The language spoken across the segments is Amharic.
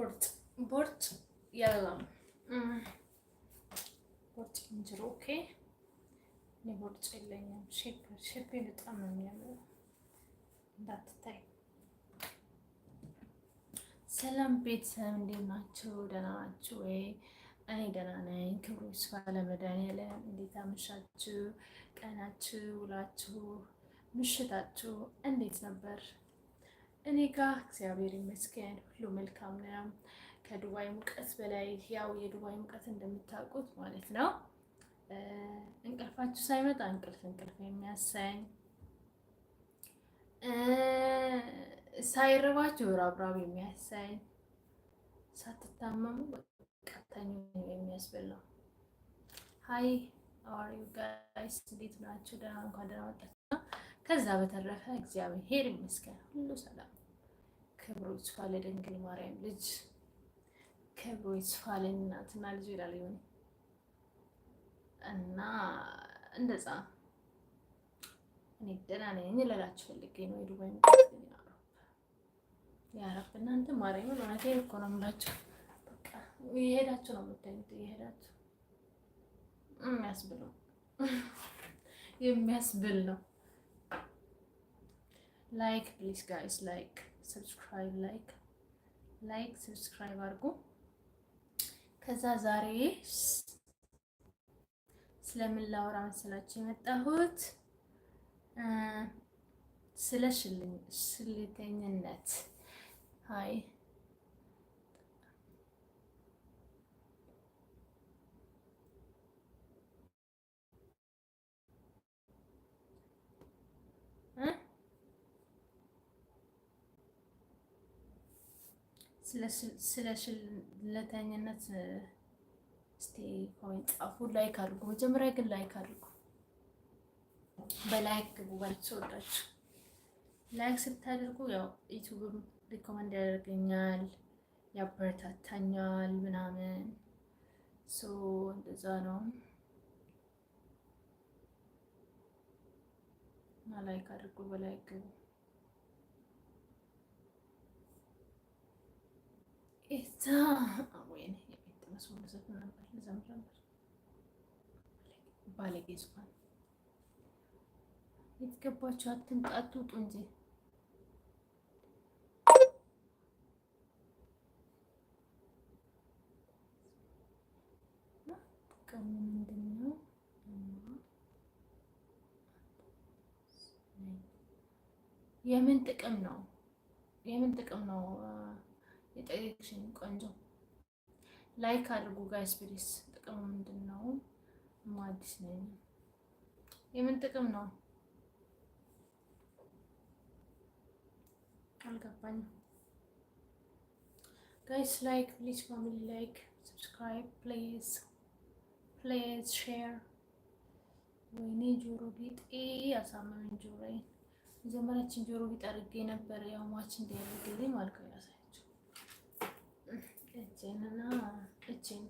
ቦርጭ ቦርጭ ያለም ቦርጭ እንጀራ ኦኬ። እኔ ቦርጭ የለኝም። ሼፕ ሼፕ በጣም ነው የሚያምረው እንዳትታይ። ሰላም ቤተሰብ እንዴት ናችሁ? ደህና ናችሁ ወይ? እኔ ደህና ነኝ። ክብሩ ይስፋ ለመድኃኒዓለም። እንዴት አመሻችሁ? ቀናችሁ፣ ውላችሁ፣ ምሽታችሁ እንዴት ነበር? እኔ ጋ እግዚአብሔር ይመስገን ሁሉ መልካም ነው። ከዱባይ ሙቀት በላይ ያው የዱባይ ሙቀት እንደምታውቁት ማለት ነው እንቅልፋችሁ ሳይመጣ እንቅልፍ እንቅልፍ የሚያሰኝ ሳይርባችሁ ራብራብ የሚያሰኝ ሳትታመሙ ቀጥተኛ የሚያስበላው ሀይ አዋሪ ጋይስ እንዴት ናችሁ? ደህና እንኳን ደህና መጣችሁ። ከዛ በተረፈ እግዚአብሔር ይመስገን ሁሉ ሰላም። ክብሩ ይስፋ ለድንግል ማርያም ልጅ፣ ክብሩ ይስፋ ለእናትና ልጅ ይላል ይሁን እና እንደዛ እኔ ደህና ነኝ ልላችሁ ፈልጌ ነው። የዱባይ የአረብ እናንተ ማርያም እውነቴን እኮ ነው የምላችሁ። በቃ የሄዳችሁ ነው የምታዩት፣ የሄዳችሁ ነው የሚያስብል ነው ላይክ ፕሊዝ ጋይስ ላይክ ሰብስክራይብ ላይክ ላይክ ሰብስክራይብ አድርጉ ከዛ ዛሬ ስለምን ላወራ መሰላችሁ የመጣሁት ስለ ሽልተኝነት አይ ስለ ሽለተኝነት እስቲ ጻፉ፣ ላይክ አድርጉ። መጀመሪያ ግን ላይክ አድርጉ። በላይክ ግቡ። ወዳችሁ ላይክ ስታደርጉ ያው ዩቲዩብም ሪኮመንድ ያደርገኛል፣ ያበረታታኛል ምናምን ሶ እንደዛ ነው እና ላይክ አድርጉ፣ በላይክ ግቡ። ባለጌ ዝሆን የተገባችሁ አትምጣቱ ውጡ እንጂ ምንድን ነው? የምን ጥቅም ነው? የምን ጥቅም ነው? የጠየቅሽኝ ቆንጆ ላይክ አድርጉ ጋይስ ፕሊስ። ጥቅሙ ምንድን ነው? አዲስ ነኝ። የምን ጥቅም ነው አልገባኝም። ጋይስ ላይክ ፕሊስ፣ ፋሚሊ ላይክ፣ ሰብስክራይብ ፕሊዝ ፕሊዝ፣ ሼር። ወይኔ ጆሮ ጌጤ አሳመመኝ ጆሮዬ። መጀመሪያችን ጆሮ ጌጥ አድርጌ ነበረ ያው ማች እንዲያደርግልኝ ማለት እጄንና እጄን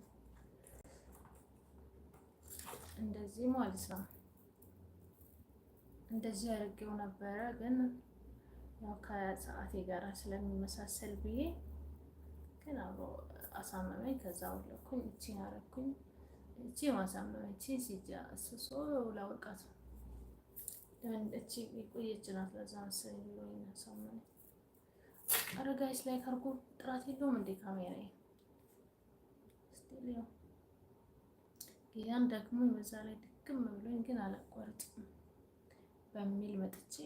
እንደዚህ ማለት ነው። እንደዚህ አድርጌው ነበረ ግን ያው ከሰዓቴ ጋር ስለሚመሳሰል ብዬ ግን አብሮ አሳመመኝ። ከዛ ወለኩኝ፣ እቺን አረኩኝ። እቺ ማሳመመኝ። እቺ ሲጃ ስሶ ላወቃት ለምን እቺ የቆየች ናት። ለዛ መሰለኝ አረጋይስ ላይ ካርጎ ጥራት የለውም እንዴ? ካሜራ ያን ደግሞ በዛ ላይ ድክም ብሎኝ ግን አላቋርጥም በሚል መጥቼ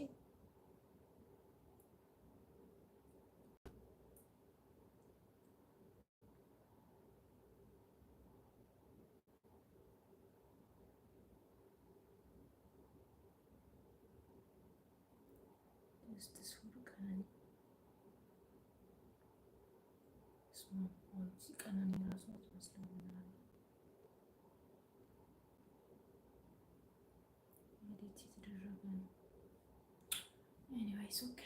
ስ ሞክሯል። ሲቀና የራሱ አትመስለው ይሆናል። ወዴት የተደረገ ነው? ኤኒዌይስ ኦኬ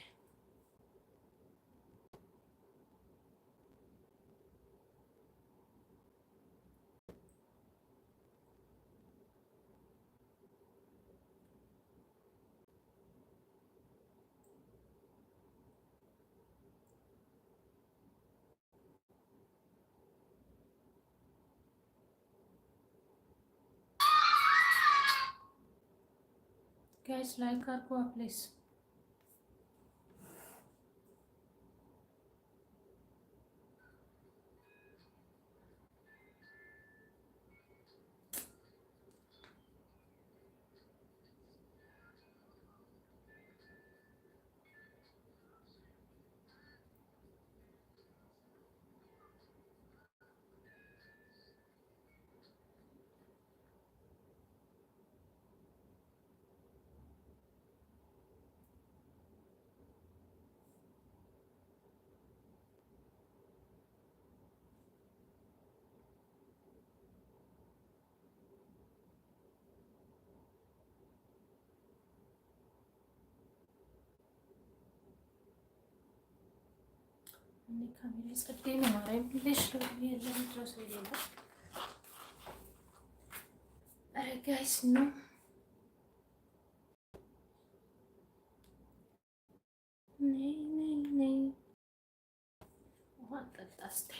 gas like कर को प्लीज़ ካሜራ ጸዴ ማርያም ልሽ የለም ድረስ የለ ረጋይስ ነው ውሃ ጠጣ እስኪ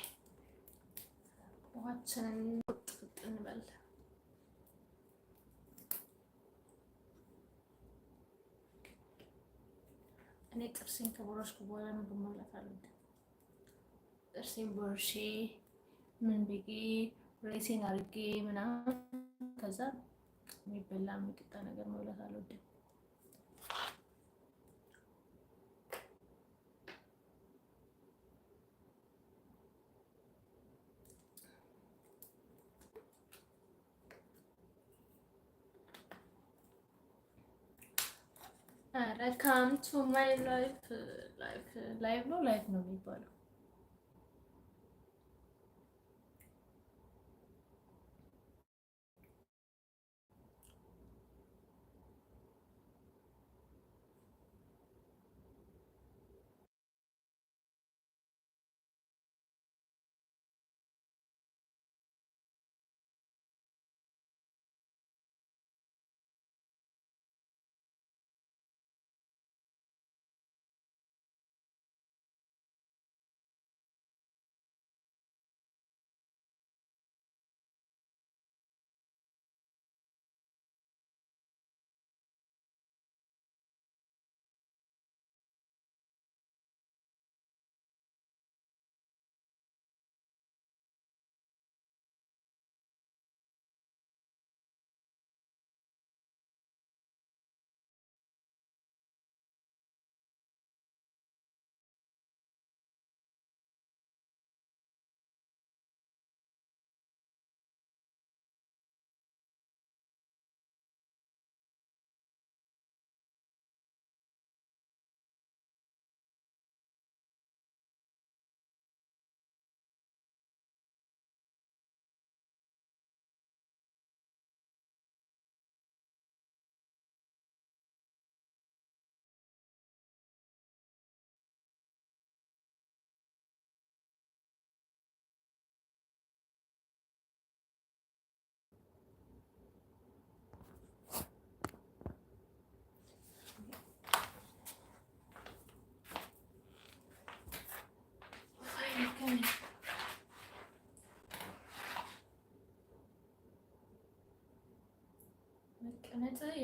ውሃችንን ወጥ እንበል። እኔ ጥርሴን ከቦረሽኩ በኋላ ምግብ መብላት አለብኝ። ጥርሴን ቦርሼ ምን ብዬ ሬሴን አርጌ ምናምን ከዛ የሚበላ የሚጠጣ ነገር መብላት አልወድም። ኧረ ካም ቱ ማይ ላይፍ ላይፍ ነው ላይፍ ነው የሚባለው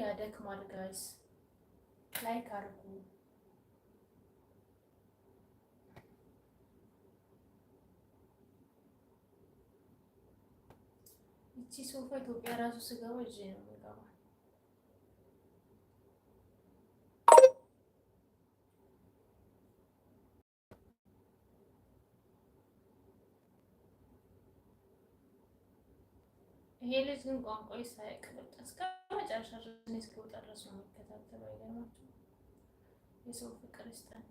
ያደክማል። ጋይስ ላይክ አድርጉ። ይቺ ሶፋ ኢትዮጵያ ራሱ ስገባ እጄ ነው የሚገባው። ይሄ ልጅ ግን ቋንቋ ይሳይክል መጨረሻ ድረስ እስከወጣ ድረስ ነው የሚከታተለው። የሰው ፍቅር ይስጠን።